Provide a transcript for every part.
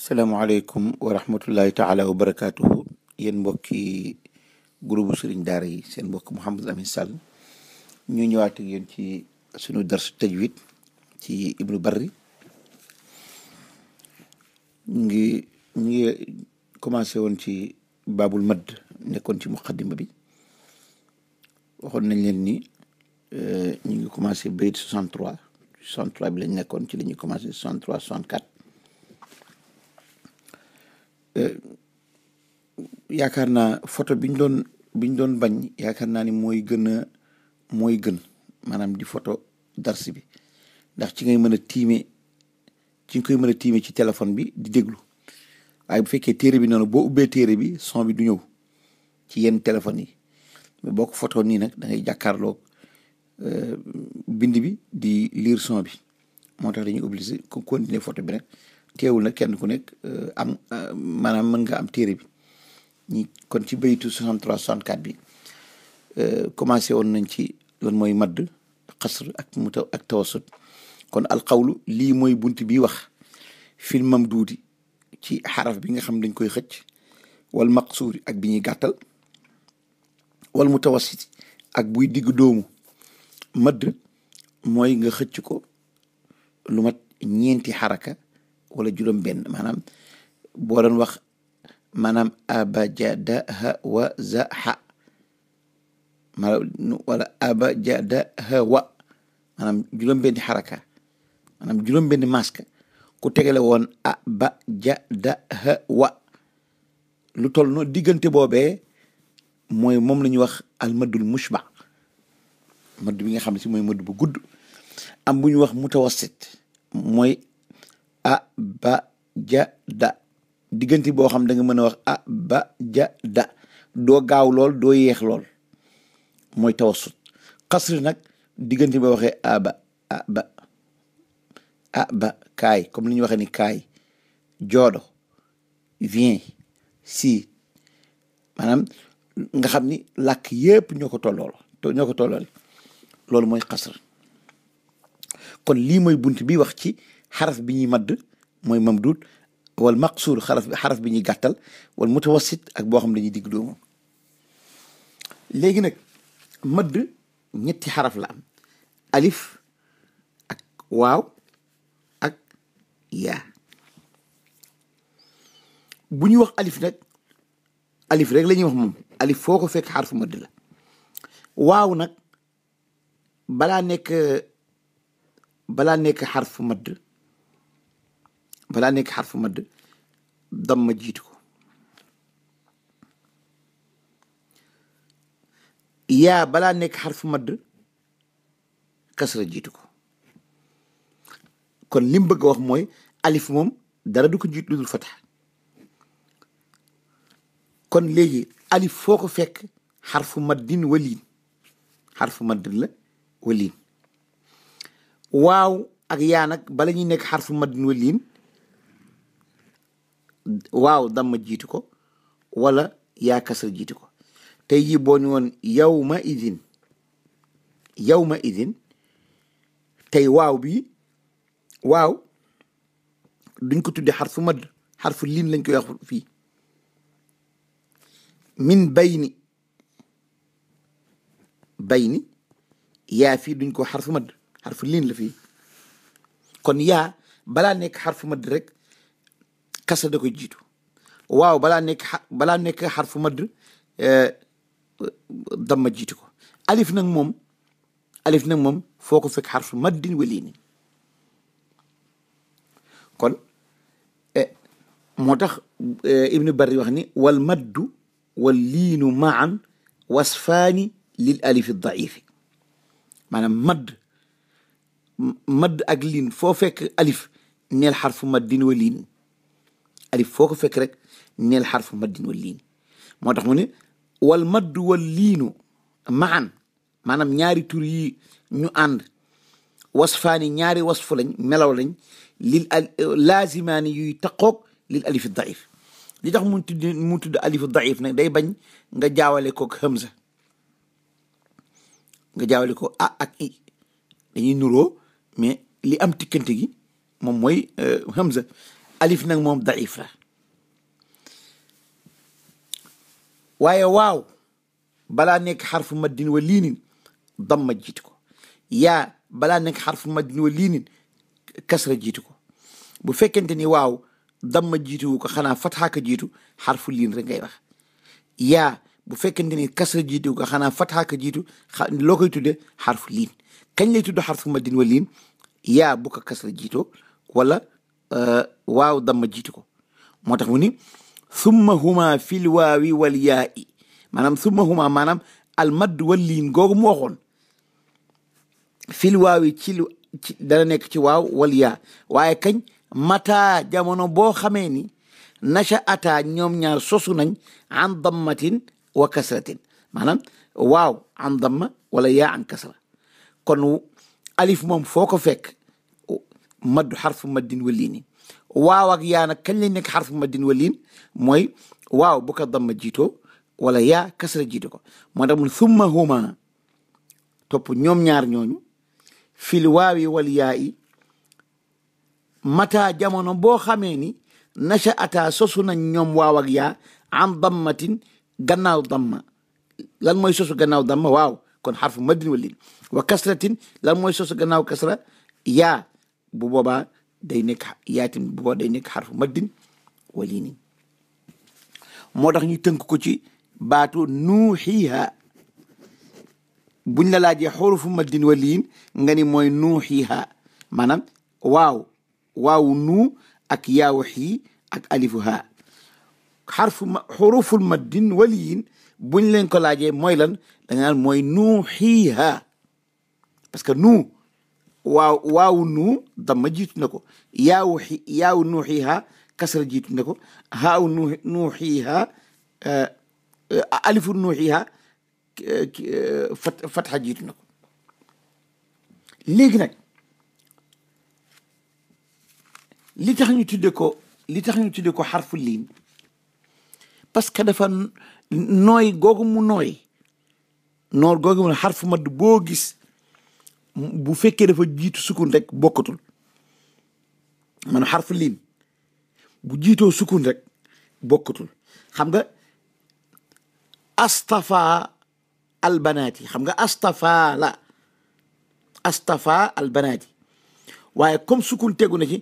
salaamaaleykum wa rahmatullahi taala wa barakaatuhu yéen mbokki groupe sëriñ daara yi seen mbokk Mouhamadou Amine Sall ñu ñëwaat ak yéen ci sunu darsu tajwid ci ibnu barri ñu ngi ñu ngi commencé woon ci baabul madd nekkoon ci muqaddima bi waxoon nañ leen ni euh, ñu ngi commencé bayit 63 63 bi lañ nekkoon ci la ñuy commencé 63 64 Euh, yaakaar na photo biñ doon bi doon bañ yaakaar naa ni mooy gën mooy gën maanaam di photo dars bi ndax ci ngay mën a tiime ci nga mën a tiime ci téléphone bi di déglu waaye bu fekkee téere bi noonu boo ubbee téere bi son bi du ñëw ci yenn téléphone yi mais boo ko photo nii nag dangay ngay jàkkaarloo euh, bind bi di liir son bi moo tax dañuy obligé ko continuer photo bi rek teewul nag kenn ku nekk euh, am euh, maanaam mën nga am téere bi ñi kon ci béytu 63 64 bi euh, commencé woon nañ ci loolu mooy madd xasr ak tawasut kon alxawlu lii mooy bunt bi wax fil duuti ci xaraf bi nga xam dañ koy xëcc wal maqsuuri ak bi ñuy gàttal wal mutawassiti ak buy digg doomu madd mooy nga xëcc ko lu mat ñeenti xaraka wala juróom-benn maanaam boo doon wax maanaam abajadaha wa zaha maanaam wala abajadaha wa maanaam juróom-benni xaraka maanaam juróom-benni masque ku tegale woon abajadaha wa lu toll noonu diggante boobe mooy moom la ñuy wax almadul mushba madd bi nga xam ne si mooy madd bu gudd am bu ñu wax mutawassit mooy a ba ja da diggante bo xam da nga mëna a wax a ba ja da do gaaw lool do yeex lool moy tawassut qasr nak diggante bo waxe a ba a ba a ba kay comme liñ waxe ni kay jodo viens si manam nga xam ni lak yépp ñoko ko to ñoko ko tollool moy qasr kon li moy buntu bi wax ci xaraf bi ñuy madd mooy mamduud wal maqsuur xaraf xaraf bi ñuy gàttal wal mutawassit ak boo xam ne dañuy digg doomu léegi nag madd ñetti xaraf la am alif ak waaw ak yaa bu ñuy wax alif nag alif rek la ñuy wax moom alif foo ko fekk xarfu madd la waaw nag balaa nekk balaa nekk xarfu madd balaa nekk xarfu madd damma jiitu ko yaa balaa nekk xarfu madd kasra jiitu ko kon lim bëgg a wax mooy alif moom dara du ko jiit lu dul fatax kon léegi alif foo ko fekk xarfu maddin waliin xarfu maddin la waliin waaw ak yaa nag bala ñuy nekk xarfu maddin waliin waaw damma jiitu ko wala yaa kasra jiitu ko tey jii boo ñu woon yawma idin yawma idin tey waaw bi waaw duñ ko tudde xarfu madd xarfu liin lañ koy wax fii min bayni bayni yaa fii duñ ko xarfu madd xarfu liin la fii kon yaa balaa nekk xarfu madd rekk kasra da koy jiitu waaw balaa nekk balaa nekk xarfu madd damma jiitu ko alif nag moom alif nag moom foo ko fekk xarfu maddin walii ni kon moo tax ibnu barri wax ni wal maddu wal liinu maan wasfaani lil alifi daifi maanaam madd madd ak liin foo fekk alif neel xarfu maddin wa liin alif foo ko fekk rek neel xarfu maddin wal liin moo tax mu ne wal maddu wal liinu maan maanaam ñaari tur yi ñu ànd wasfaani ñaari wasfu lañ melaw lañ lil laazimaani yuy taqoog lil alifi daif li tax mu tudd mu tudd alifu daif nag day bañ nga jaawale koog hamza nga jaawale ko a ak i nuroo mais li am tikkante gi moom mooy euh, hamza alif nag moom daif la waaye waaw balaa nekk xarfu maddin wa liinin damma jiit ko yaa balaa nekk xarfu maddin wa liinin kasra jiitu ko bu fekkente ni waaw damma jiituwu ko xanaa fatxa jiitu xarfu liin rek ngay wax yaa bu fekkente ni kasra jiituwu ko xanaa fatxa ka jiitu loo tudde xarfu liin kañ lay tudd xarfu maddin wa liin yaa bu ko kasra jiitoo wala Euh, waaw damma jiitu ko moo tax mu ni summa huma fil waawi wal yaa i maanaam summa huma maanaam almadd wal liin googu mu waxoon fil waawi ci lu ci dana nekk ci waaw wal yaa waaye kañ mataa jamono boo xamee ni nacha ata ñoom ñaar sosu nañ an dammatin wa kasratin maanaam waaw an damma wala yaa an kasra kon alif moom foo ko maddu xarfu maddin wa liin yaa nag kañ lañ nekk xarfu maddin wa liin mooy waaw bu ko damma jiitoo wala yaa kasra jiito ko moo tax mun summa huma topp ñoom ñaar ñooñu fil waawi wal yaa yi mata jamono boo xamee ni nacha ata sosu nañ ñoom waaw ak yaa an dammatin gannaaw damma lan mooy sosu gannaaw damma waaw kon xarfu maddin wa liin wa kasratin lan mooy sosu gannaaw kasra yaa bu boobaa day nekk yaatim bu boobaa nekk xarfu maddin wali nii moo tax ñu tënk ko ci baatu nuuxiiha buñ la laajee xurufu maddin waliin nga ni mooy nuuxiiha maanaam waaw waaw nuu ak yaawu xii ak alifu haa xarfu maddin waliin buñ leen ko laajee mooy lan da nga naan mooy nuuxiiha parce waaw waawu nuu damma jiitu na ko yaawu yaawu nuuxiiha kasra jiitu na ko haawu nuu nuuxiiha eh, eh, alifu nuuxiiha eh, fat fatxa jiitu na ko léegi nag li tax ñu tudde ko li tax ñu tudde ko xarfu liin parce que dafa nooy googu nooy noor googu mu madd boo gis bu fekkee dafa jiitu sukun rek bokkatul man xarfu liin bu jiitoo sukun rek bokkatul xam nga astafa albanaati xam nga astafa la astafa albanaati waaye comme sukun tegu na ci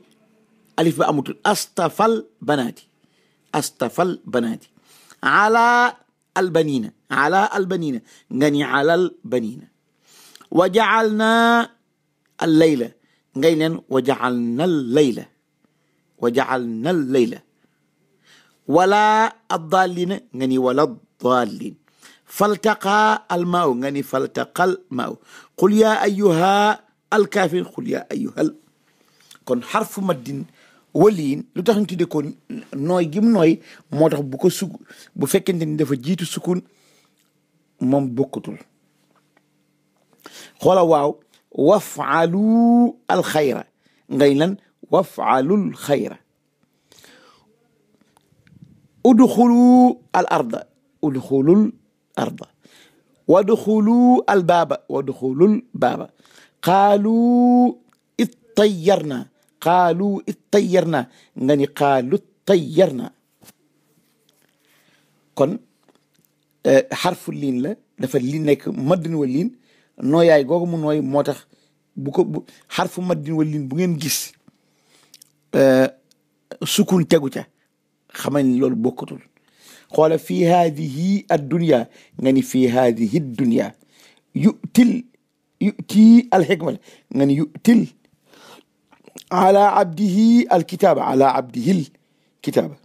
alif ba amutul astafal banaati astafal banaati ala albanina ala albanina nga وجعلنا الليلة غيلا وجعلنا الليلة وجعلنا الليلة ولا الضالين غني ولا الضالين فالتقى الماء غني فالتقى الماء قل يا أيها الكافر قل يا أيها ال... كن حرف مدين ولين لو تخن تدي كون نوي جيم نوي موتاخ بوكو سوك بو فكنتي دافا جيتو سكون موم بوكوتول خلا واو وافعلوا الخير غيلا وافعلوا الخير ادخلوا الأرض ادخلوا الأرض وادخلوا الباب وادخلوا الباب قالوا اطيرنا قالوا اطيرنا غني قالوا اطيرنا كن حرف اللين لا دا فاللين نيك مدن واللين nooyaay googu mu nooy moo tax bu ko bu xarfu maddin wallin bu ngeen gis sukun tegu ca xamal ni loolu bokkatul xoola fii haadihi addunia nga ni fii haadihi dunia yutil yutii alxikmata nga ni yutil ala abdihi alkitaba ala abdihi alkitaba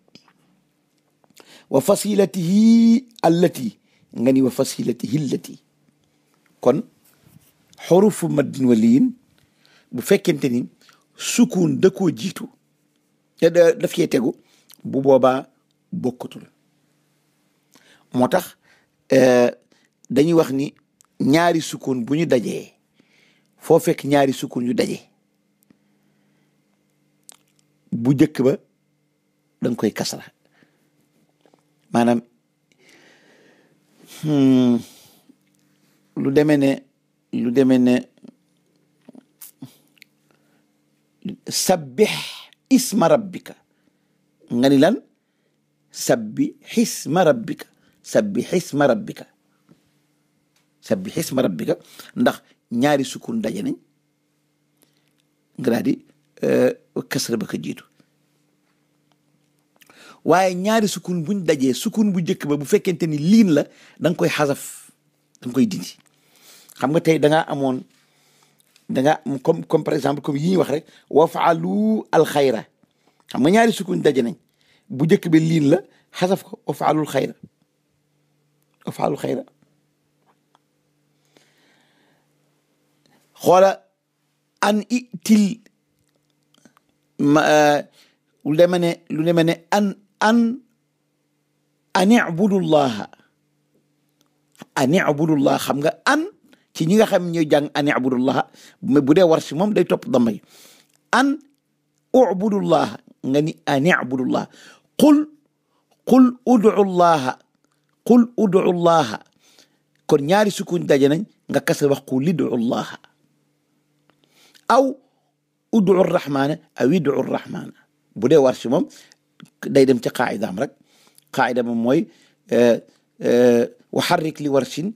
wa fasilatihi allati nga ni wa fasilatihi allati kon xorufu maddin wa liin bu fekkente ni sukun da jiitu daf cee bu boobaa bokkatul moo tax eh, dañuy wax ni ñaari sukun bu ñu dajee foo fekk ñaari sukun yu daje bu jëkk ba danga koy kasra maanaam hmm, lu demee lu demee ne sabbih isma rabbika nga ni lan sabbih isma rabbika sabbih isma rabbika sabbih isma rabbika ndax ñaari sukun daje nañ nga daal di euh, kasra ba ko jiitu waaye ñaari sukun buñ dajee sukun bu njëkk ba bu fekkente ni liin la da koy xasaf da koy dindi xam nga tey da amoon da nga comme par exemple comme yi ñuy wax rek wafaalu alxayra xam nga ñaari sukun daje nañ bu njëkk bi liin la xasaf ko wafaalul xayra wafaalul xayra xoola an itil ma euh, lu deme ne lu deme ne an an an ibudullaha an ibudullaha xam nga an ci ñi nga xam ñoy jàng an ibudullaha me bu dé war ci mom day top damay an ubudullaha nga ni an ibudullah qul qul udu allah qul udu allah kon ñaari sukun daje nañ nga kase wax qul ud'u allah aw udu rahmana aw idu rahmana bu dé war ci mom day dem ci qaida am rek qaida qaa'ida moom euh waxarrik li warsin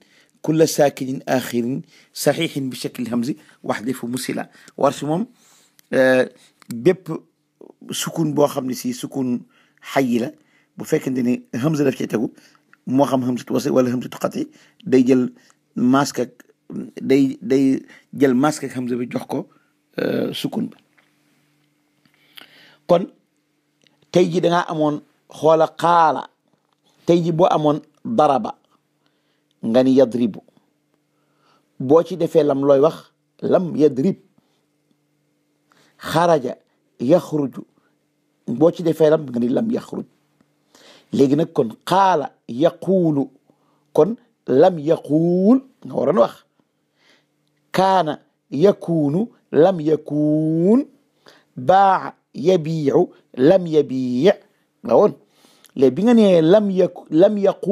kulla saakinin axirin saxiixin bi shakli hamzi waxdifu musila war si moom bépp sukun boo xam ne si sukun xayi la bu fekkente ne hamza daf cee tegu moo xam hamzatu wasl wala hamzatu qat'i day jël masque ak day day jël masque ak hamza bi jox ko sukun bi kon tey ji dangaa amoon xoola xaala tey ji boo amoon daraba nga ni yadribu boo ci defee lam looy wax lam yadrib xaraja yaxruju boo ci defee lam nga lam yaxruj léegi nag kon qaala yaquulu kon lam yaquul nga waroon wax kaana yakuunu lam yakuun baaca yabiicu lam yabiic nga woon léegi bi nga nee lam yak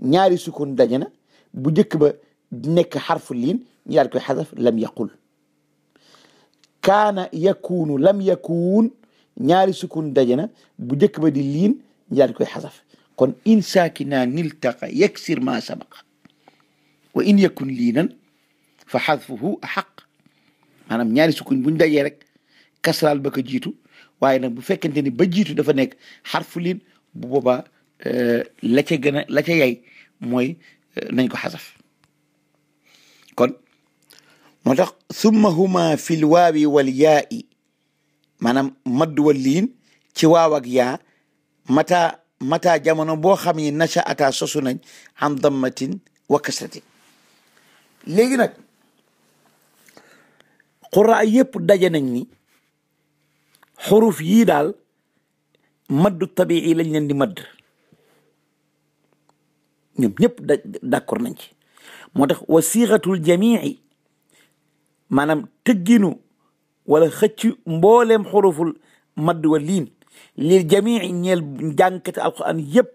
ñaari sukun daje na bu njëkk ba nekk xarfu liin ñu koy xasaf lam yaqul kaana yakuunu lam yakuun ñaari sukun daje na bu njëkk ba di liin ñu daal koy xasaf kon in saakina niltaqa yaksir ma sabaq wa in yakun liinan fa ñaari sukun buñ dajee rek kasraal ba ko jiitu waaye nag bu fekkente ni ba jiitu dafa nekk xarfu liin bu boobaa Euh, la ca gën a la ca yay mooy euh, nañ ko xasaf kon moo tax summa huma fi waawi wal yaa i maanaam madd wal liin ci waaw ak yaa mataa mataa jamono boo xam ni nacha sosu nañ am dammatin wa kasratin léegi nag xuraa yëpp daje nañ ni xuruf yii daal maddu tabii lañ leen di madd ñoom ñëpp da d'accord nañ ci moo tax wa siixatul jamii maanaam tëgginu wala xëcc mbooleem xuruful madd wa liin lil jamii ñeel njànkate alquran yëpp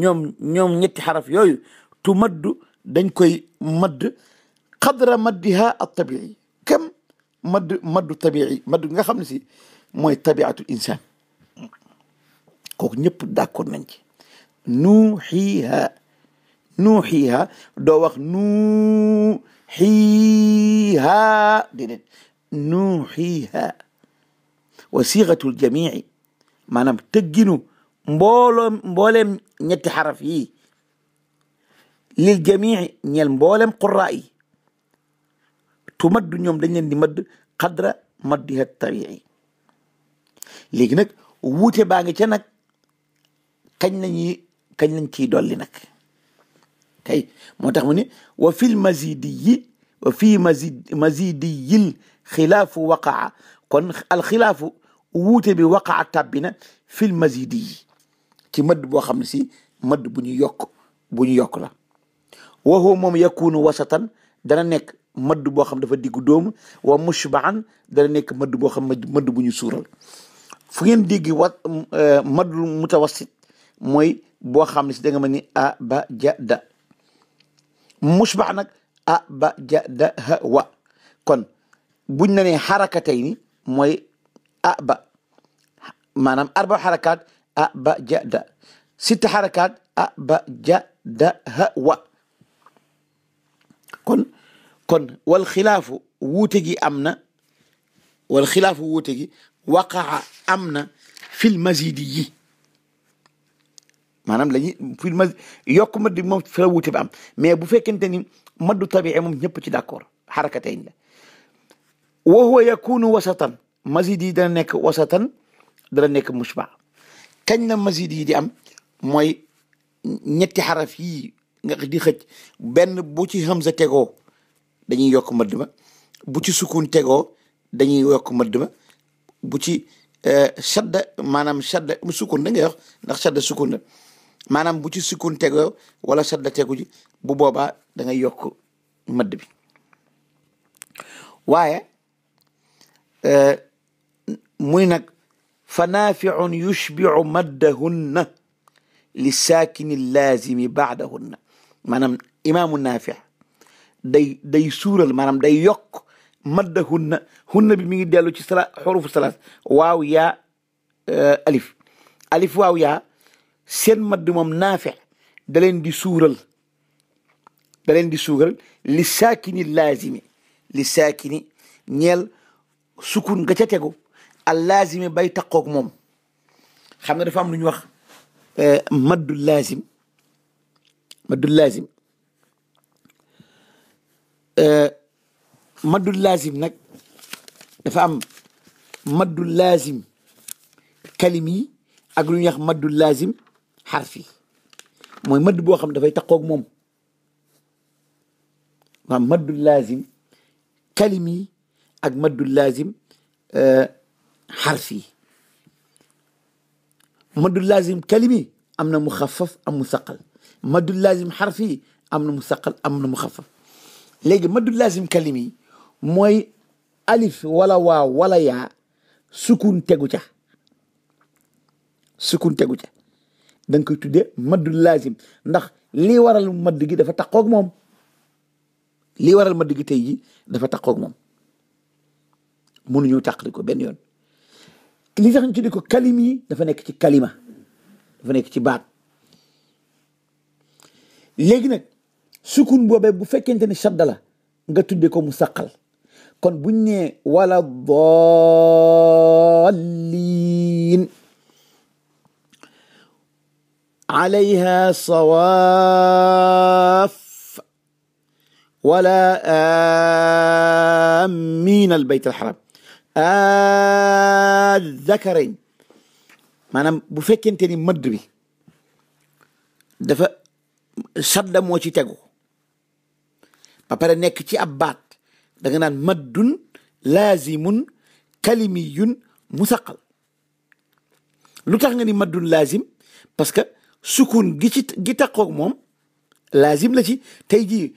ñoom ñoom ñetti xaraf yooyu tu maddu dañ koy madd qadra maddiha al tabii kam madd maddu tabii madd nga xam ne si mooy tabiatul insaan kooku ñëpp d'accord nañ ci nuuxiha nuuxiiha doo wax nuuxiiha déedéet nuuxiiha wa siixatul jamici maanaam tëgginu mbooloom mbooleem ñetti xaraf yi lil jamici ñeel mbooleem quraa yi tu maddu ñoom dañ leen di madd qadra maddiha tabici léegi nag wuute baa ngi ca nag kañ lañuy kañ lañ ciy dolli nag kay moo tax mu ni wa fil mazidiyi wa fii mazid mazidiyil xilaafu kon alxilaafu wuute bi waqaa tàbbi na fil mazidiyi ci mëdd boo xam ne si mëdd bu ñu yokk bu ñu yokk la wa huwa moom yakunu wasatan dana nekk mëdd boo xam dafa diggu dóomu wa mushbaan dana nekk mëdd boo xam mëdd bu ñu suural fu ngeen dégg wa euh, mëddul mutawassit mooy boo xam ne si da nga mel ni a ba ja da مش بعنك أبا جا دا ها وا كون بنني حركتين موي أبا مانام أربع حركات أبا جا دا ست حركات أبا جا دا ها وا كون كون والخلاف ووتجي أمنا والخلاف ووتجي وقع أمنا في المزيدية maanaam la ñuy fi ma yokk madd bi moom fa la wuute bi am mais bu fekkente ni maddu tabii moom ñëpp ci d'accord xarakatayn la wa huwa yakunu wasatan mazid yi nekk wasatan dana nekk mushba kañ la mazid yi di am mooy ñetti xaraf yii nga di xëj benn bu ci hamza tegoo dañuy yokk madd ma bu ci sukun tegoo dañuy yokk madd ma bu ci euh, shadda maanaam shadda sukun da ngay wax ndax shadda sukun maanaam bu ci sukun tegoo wala sadda tegu ji bu boobaa da ngay yokk mëdd bi waaye eh, muy nag fa naafiun yushbiu maddahunna li saakini laazimi baadahunna maanaam imaamu naafi day day suural maanaam day yokk maddahunna hunna bi mi ngi dellu ci sala xurufu salaas waaw yaa eh, alif alif waaw yaa seen madd moom naafe daleen di suural da di suural li saakini laazimi li saakini ñeel sukun nga ca tegu al laazimi bay taqoog moom xam ne dafa am lu ñu wax eh, maddu laazim maddu laazim eh, maddu laazim nag dafa am maddu laazim kalimi ak lu ñuy maddu laazim xarf yi mooy mëdd boo xam dafay taqoog moom maam mëddul laazim kalim ak madd laazim euh, xarf yi mëddul laazim kalim am na mu xafaf am mu saqal mëddul laazim xarf am na mu saqal am na mu xafaf léegi mëddul laazim kalim mooy alif wala waaw wala yaa sukun tegu ca sukun tegu ca da nga koy tuddee maddul laazim ndax li waral madd gi dafa taqoog moom lii waral madd gi tey ji dafa taqoog moom mënuñu tàqali ko benn yoon li tax ñu tuddee ko kalim yi dafa nekk ci kalima dafa nekk ci baat léegi nag sukun boobee bu fekkente ne shadda la nga tuddee ko mu saqal kon bu nee wala daalliin عليها صواف ولا آمين البيت الحرام الذكرين ما أنا بفكر تاني مدري دفع سبدا موشي تاغو بابارا نكتي أبات دغنان مدن لازم كلمي مثقل لو تخنغني مدن لازم باسكو سكون جيت جيت موم لازم لتي تيجي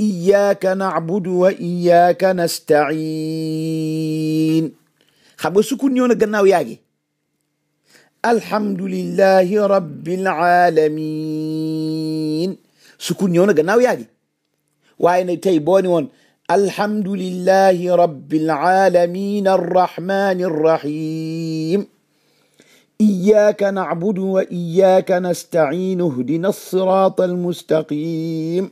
إياك نعبد وإياك نستعين خبو سكون يونا قناو ياجي الحمد لله رب العالمين سكون يونا قناو ياجي وين تي بوني ون الحمد لله رب العالمين الرحمن الرحيم إياك نعبد وإياك نستعين اهدنا الصراط المستقيم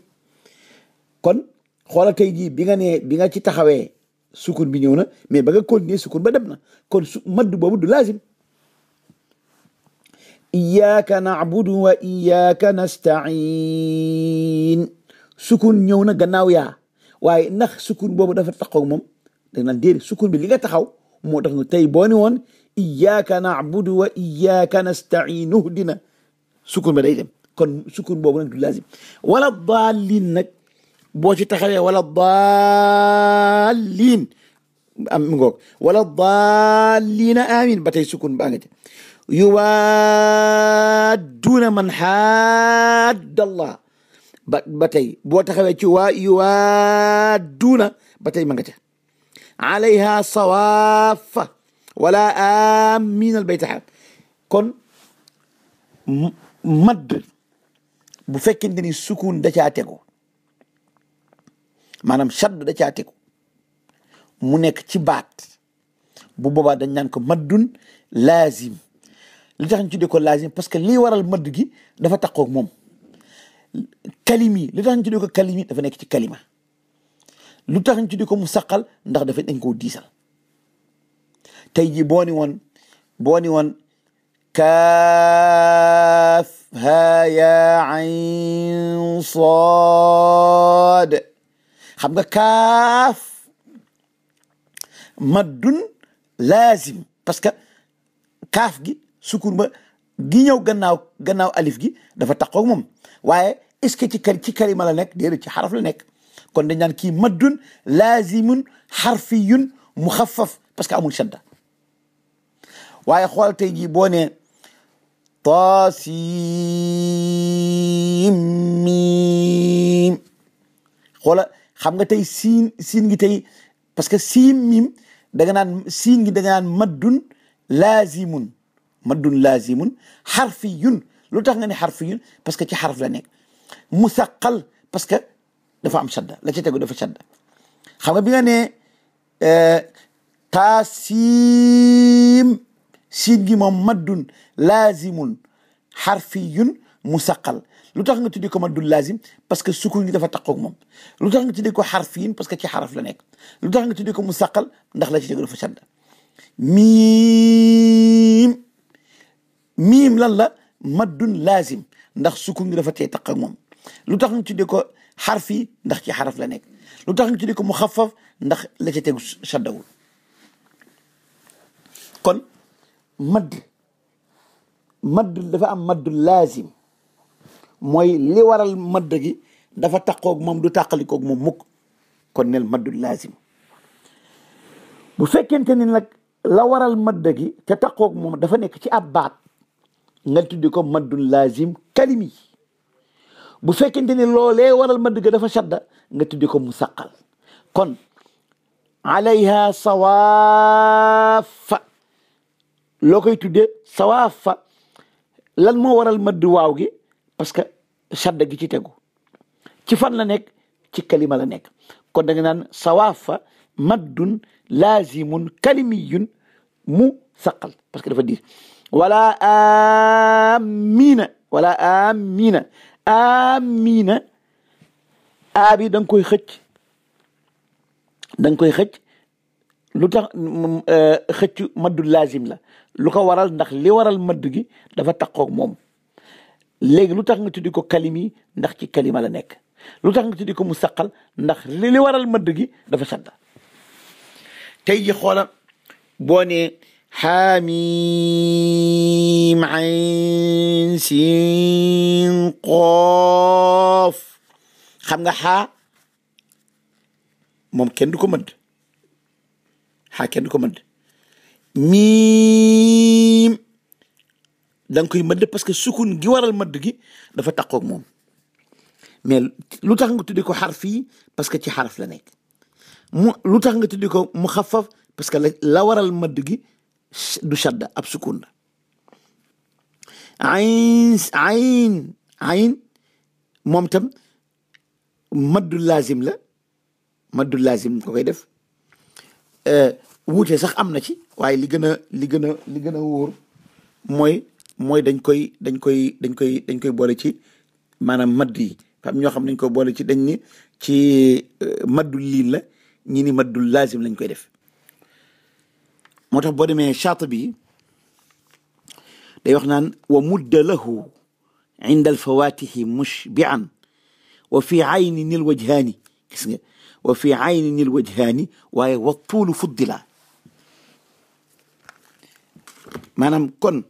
كن خولا كاي جي بيغا ني بيغا تي تخاوي سكون بي نيونا مي باغا كونتيني سكون با دبنا كون مد بوبو دو لازم إياك نعبد وإياك نستعين سكون نيونا غناو يا واي نخ سكون بوبو دا فا تخاو موم دا نان دير سكون بي ليغا تخاو مو نو تاي بوني وون إياك نعبد وإياك نستعين اهدنا سكون بلاي كون سكون بوبو لازم ولا الضالين نك بوجي تخلي ولا الضالين امغوك ولا الضالين امين باتاي سكون بانجي يوادون من حد الله باتاي بوش تخاوي تي يوادون باتاي مانغاتي عليها صوافه ولا آمين البيت حق كن مد بو فكنتني سكون دا تياتيكو مانام شد دا تياتيكو مو نيك تي بات بو لازم لي تخني تي لازم باسكو لي ورال مد غي دا فا موم كلمي لي تخني تي كلمي دا فا نيك تي كلمه لو تخني تي ديكو مسقال ندخ دا فا tey jii boo ni woon boo ni woon kaaf haa yaa ayn saad xam nga kaaf maddun laazim parce que kaaf gi sukun ba gi ñëw gannaaw gannaaw alif gi dafa taqoog moom waaye est-ce que ci kar ci karima la nekk déedéet ci xaraf la nekk kon dañ naan kii maddun laazimun xarfiyun muxaffaf parce que amul shadda waaye xool tey jii boo ne taasim miim xoola xam nga tey siin siin gi tey parce que siin miim da nga naan siin gi da nga naan maddun laazimun maddun laazimun xarfiyun lu tax nga ne xarfiyun parce que ci xarf la nekk musaqal parce que dafa am shadda la ci tegu dafa shadda xam nga bi ne eh, taasim siin gi moom maddun laazimun xarfiyun musaqal lu tax nga tuddee ko maddun laazim parce que sukun gi dafa taqoog moom lu tax nga tuddee ko xarfiyun parce que ci xaraf la nekk lu tax nga tuddee ko musaqal ndax la ci dégg dafa sàdd miim miim lan la maddun laazim ndax sukun gi dafa tee taqoog moom lu tax nga tuddee ko xarfi ndax ci xaraf la nekk lu nga tuddee ko mu ndax la ca tegu saddawul kon madd madd dafa am madd laazim mooy li waral madd gi dafa taqoog moom du tàqalikoog moom mukk kon nel maddu laazim bu fekkente ni nag la waral madd gi te taqoog moom dafa nekk ci ab baat nga tuddi ko maddu laazim kalimi bu fekkente ni loolee waral madd gi dafa shadda nga tuddi ko musaqal kon alayha sawaafa loo koy tuddee sawaafa lan moo waral madd waaw gi parce que shadda gi ci tegu ci fan la nekk ci kalima la nekk ko da nga naan sawaafa maddun laazimun kalimiyun mu saqal parce que dafa diir wala amina wala amina amina aabi da nga koy xëcc da koy xëcc lu tax euh, xëccu maddu laazim la lu ko waral ndax li waral maddu gi dafa taqoog moom léegi lu tax nga tuddi ko kalimi ndax ci kalima la nekk lu tax nga tuddi ko mu saqal ndax li li waral maddu gi dafa sadda tey ji xoola boo ne xaamim ayn qoof xam nga xaa moom kenn du ko mëdd Hakian kenn ko mënd miim dang koy mënd parce que sukun gi waral mënd gi dafa ak mom mais lutax nga tuddi ko parce que ci harf la nek mu nga tuddi ko parce que la waral mënd gi du shadda ab sukun Ain, ayn ayn mom tam maddu lazim la maddu lazim ko koy def Euh, wuute sax am na ci waaye li gën a li gën a li gën a wóor mooy mooy dañ koy dañ koy dañ koy dañ koy boole ci maanaam madd yi am ñoo xam dañ ko boole ci dañ ni ci euh, maddul liin la ñi ni maddul laazim lañ koy def moo tax boo demee charte bi day wax naan wa mudda lahu inda alfawatihi mushbian wa fi ayni nil wajhaani gis nga وفي عين الوجهان والطول فضلا مانام كون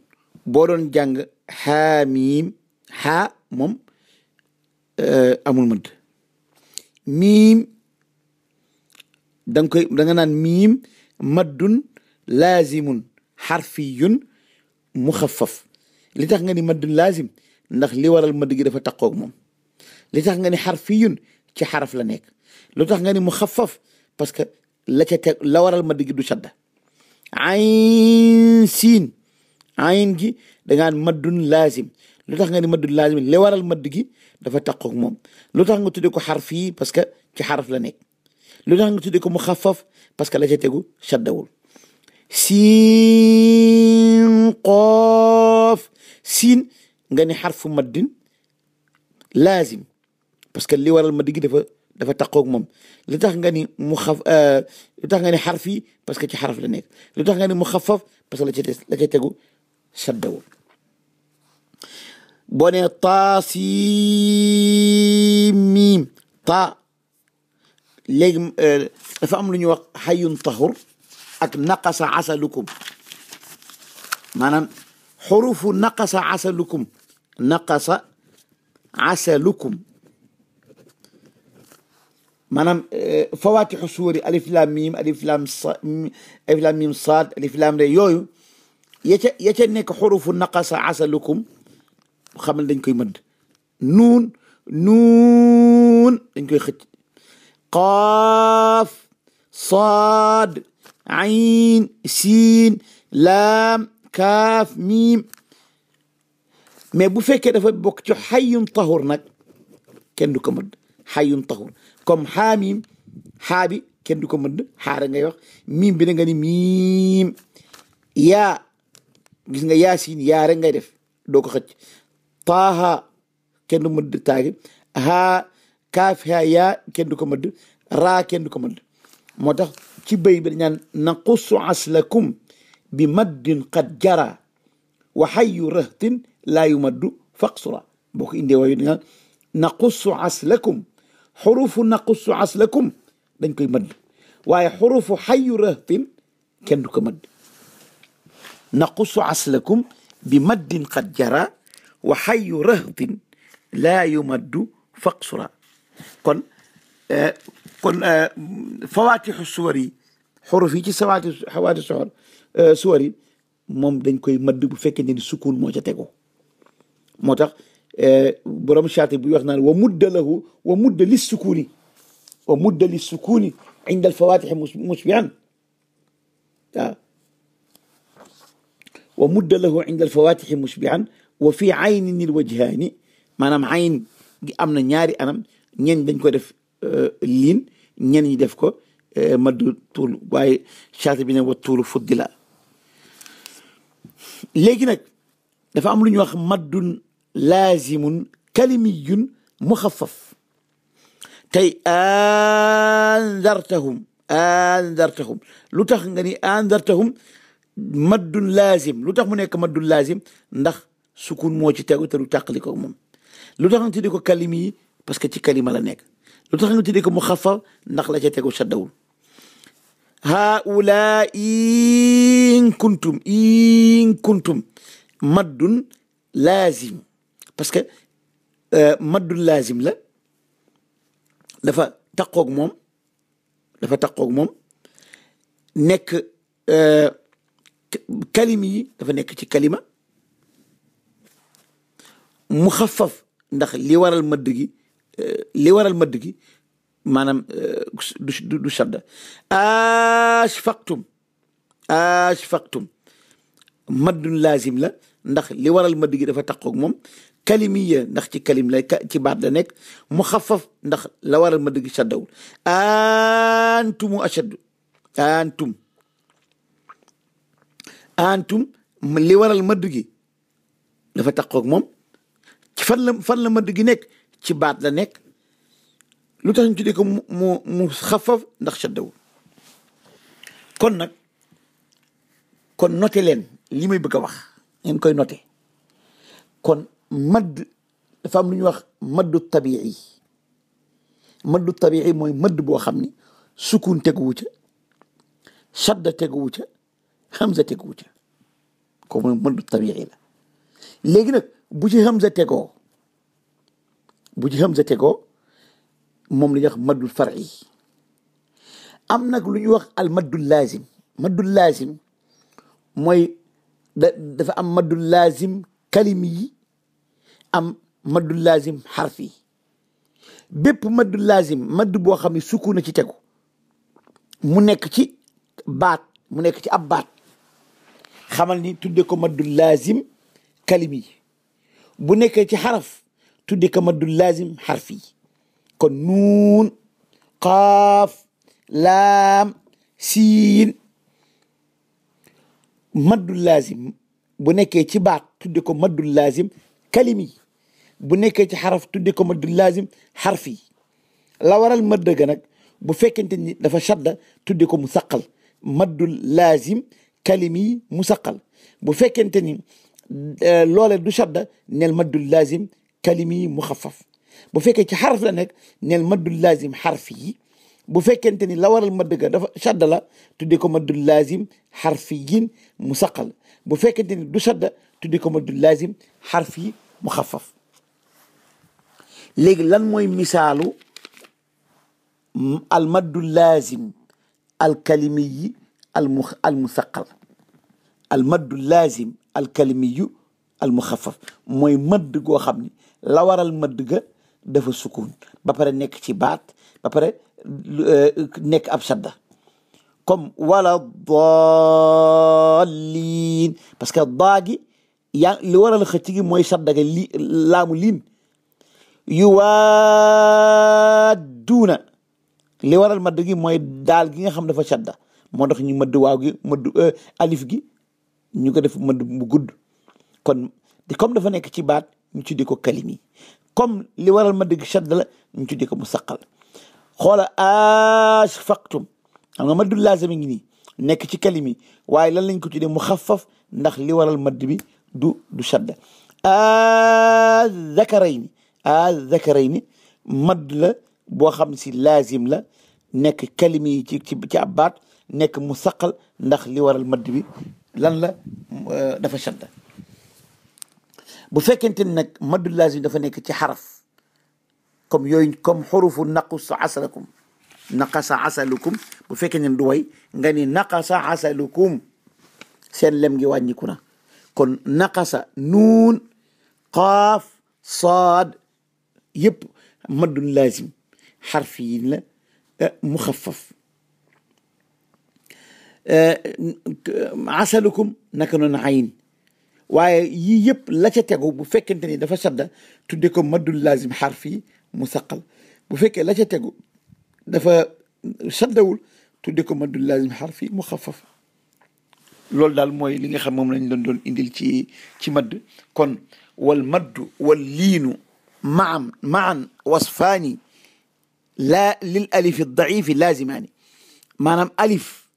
بورون جانغ ها ميم ها موم آه، امول مد ميم دانكو داغا ميم مد لازم حرفي مخفف لي تخ مد لازم نخ لي ورا المد غي دا تاخوك موم لي تخ حرفي تي حرف لا نيك lu tax nga ni mu xafaf parce que la ca teg la waral ma digg du shadda ayn siin ayn gi da ngaan maddun laazim lu tax nga ni maddun laazim li waral madd gi dafa taqoog moom lu tax nga tudde ko xarf yi parce que ci xaraf la nekk lu tax nga tudde ko mu xafaf parce que la ca tegu shaddawul siin qoof siin nga ni xarfu maddin laazim parce que li waral madd gi dafa dafa taqoog moom lu tax nga ni mu xaf lu tax nga ni xarf yi parce que ci xaraf la nekk lu tax nga ni mu xafaf parce que la ca des la ca tegu saddawul boo nee taasimiim ta léegi dafa am lu ñuy wax xayun tahur ak naqasa asalukum maanaam xurufu naqasa asalukum naqasa asalukum maanaam fawaatixu suuri alif laam miim alif laam sa alif laam miim saad alif laam re yooyu ya ca ya ca nekk xurufu naqasa asalukum xamal dañ koy mëdd nuun nuun dañ koy xëcc qaaf saad ayn siin laam kaaf miim mais bu fekkee dafa bokk ci xayun tahur nag kenn du ko mëdd xayun tahur comme hamim habi kendo du ko mënd xaare ngay wax mim bi na nga ni mim ya gis nga yasin ya rek ngay def do ko xëcc taha ken du mënd taagi ha kaf ha ya ken du ko mënd ra ken du ko mënd motax ci bey bi ñaan naqsu aslakum bi maddin qad jara wa xayu rahtin la yumaddu faqsura boo ko wayu dañaan naqsu aslakum xurufu naqussu aslakum dañ koy mëdd waaye xurufu xayu rahtin kenn du ko mëdd naqussu aslakum bi maddin qad jara wa xayu rahtin laa yumaddu faqsura kon kon fawaatixu suwar yi xuruf yi ci sawaati xawaati soxor suwar yi moom dañ koy mëdd bu fekkee ne ni sukun moo ca tegu moo tax برام ومد له ومد للسكون ومد للسكون عند الفواتح مشبعا ومد له عند الفواتح مشبعا وفي عين الوجهان ما نم عين امنا نياري انا نين دنجو دف آه، لين نين يدفكو آه، مد طول واي شاطي بينا وطول فضلا لكنك دفع عملون يوخ مدن لازم كلمي مخفف تي انذرتهم انذرتهم لوتخ غني انذرتهم مد لازم لوتخ مو نيك مد لازم نخ سكون مو تي تيغو تلو تاخليكو موم لوتخ ديكو كلمي باسكو تي كلمه لا نيك لوتخ ديكو مخفف نده لا تي شدول هؤلاء إن كنتم إن كنتم مد لازم parce que euh, maddul laazim la dafa taqook moom dafa taqoog moom nekk euh, kalimi yi dafa nekk ci kalima mu xafaf ndax li waral mëdd gi euh, li waral madd gi maanaam du du sadda ashfaqtum ashfaqtum maddun laazim la ndax li waral ma digi dafa takko ak mom kalimiya ndax ci kalim lay ci baat la nek mukhaffaf ndax la waral ma digi saddawul antum ashad antum antum li waral ma digi dafa takko ak mom ci fan la fan la ma digi nek ci baat la nek lu tax ñu tuddee ko mu mu mu ndax saddawul kon nak kon noté len limay bëgg wax ngeen koy noté kon madd dafa am lu ñuy wax maddu tabi'i maddu tabi'i mooy madd boo xam ni sukun teguwu ca shadda teguwu ca hamza teguwu ca ko mooy maddu tabi'i la léegi nag bu ci hamza tegoo bu ci hamza tegoo moom la ñuy wax maddul far'i am nag lu ñuy wax al maddul laazim maddul laazim mooy dafa am maddul laazim kalimi yi am maddul laazim xarf yi bépp maddul laazim madd boo xam ne sukku na ci tegu mu nekk ci baat mu nekk ci ab baat xamal ni tudde ko maddul laazim kalimi bu nekkee ci xaraf tudde ko maddul laazim xarf yi kon nuun qaaf laam siin maddul laazim bu nekkee ci baat tudde ko maddul laazim kalimi bu nekkee ci xaraf tudde ko maddul laazim xarfi la waral mëdd ga nag bu fekkente ni dafa shadda tudde ko mu musaqal maddul laazim kalimi musaqal bu fekkente ni eh, loole du shadda neel maddul laazim kalimi muxaffaf bu fekkee ci xaraf la nag neel maddul laazim xarfi bu fekkente ni la waral madd ga dafa shadda la tuddi ko maddul laazim xarfiyin musaqal bu fekkente ni du shadda tuddi ko maddul laazim xarfi muxaffaf léegi lan mooy misaalu al maddul laazim al kalimiyi al mu al musaqal al maddul laazim al kalimiyu al muxaffaf mooy madd goo xam ni la waral madd ga dafa sukun ba pare nekk ci baat ba pare euh, nekk ab sadda comme wala daalliin parce que daa gi yaa li waral xëcc gi mooy saddaga li laamu liin yuwaadduuna li waral madd gi mooy daal gi nga xam dafa sadda moo tax ñu madd waaw gi madd euh, alif gi ñu ko def madd gudd kon comme dafa nekk ci baat mu ci di ko kalimi comme li waral ma dëgg shadd la ñu tuddee ko mu saqal xoola ashfaqtum xam nga maddul laazimi ngi nii nekk ci kalimi waaye lan lañ ko tuddee mu xaffaf ndax li waral madd bi du du shadd azakarayni azakarayni madd la boo xam si laazim la nekk kalimi yi ci ci ci abbaat nekk mu saqal ndax li waral madd bi lan la euh, dafa shadda bu fekkente ni nag maddu lazim dafa nekk ci xaraf comme yooyu comme xurufu naqus asalakum naqasa asalukum bu fekkee ne du way nga ni naqasa asalukum seen lem gi wàññiku na kon naqasa nuun qaaf saad yëpp maddun lazim xarf yi la muxaffaf asalukum naka noonu ayin waaye yii yëpp la ca tegu bu fekkente ni dafa sadda tudde ko maddul lazim mu saqal bu fekkee la ca tegu dafa saddawul tudde ko maddul lazim xarfi muxaffaf loolu daal mooy li nga xam moom lañ doon doon indil ci ci madd kon wal wal liinu maan wasfaani la lil alifi daifi laazimaani maanaam alif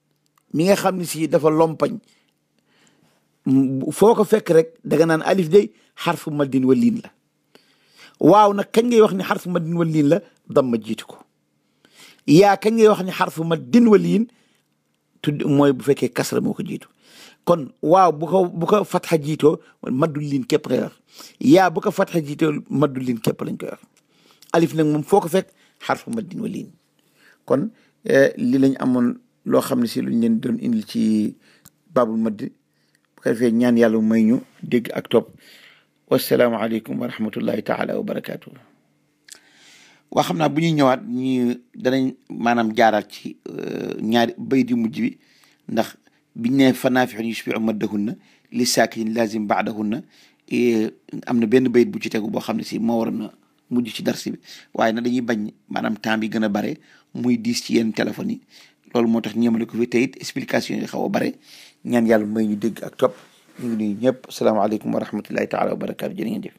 mi nga xam ni si dafa lompañ foo ko fekk rek danga naan alif day xarfu madin wa liin la waaw nag kañ ngay wax ni xarfu madin wa liin la damma jiitu ko yaa kañ ngay wax ni xarfu madin wa liin tudd mooy bu fekkee kasra moo ko jiitu kon waaw bu ko bu ko fatxa jiitoo maddu liin képp ngay wax yaa bu ko fatxa jiitoo maddu liin képp lañ koy wax alif nag moom foo ko fekk xarfu madin wa liin kon li lañ amoon loo xam ne si luñ leen doon indil ci baabul maddi bu ko ñaan yàlla may ñu dégg ak topp wasalaamaaleykum wa rahmatullahi taala wa barakaatu. waa xam naa bu ñuy ñëwaat ñi danañ maanaam jaaraat ci euh, ñaari bay di mujj bi ndax biñ ne fa naafixun yushbiu maddahunna li saakin lazim baadahunna eh, am na benn bayit bu ci tegu boo xam ne si moo waroon na mujj ci darsi bi waaye na dañuy bañ maanaam temps bi gën a bare muy diis ci yenn téléphones yi loolu moo tax ñu yemale ko fi tey explication yi xaw a bare ñaan yàlla may ñu dégg ak topp ñu ngi nuyu ñëpp salaamaaleykum wa rahmatullahi taala wa barakaatu jërë ngeen jëf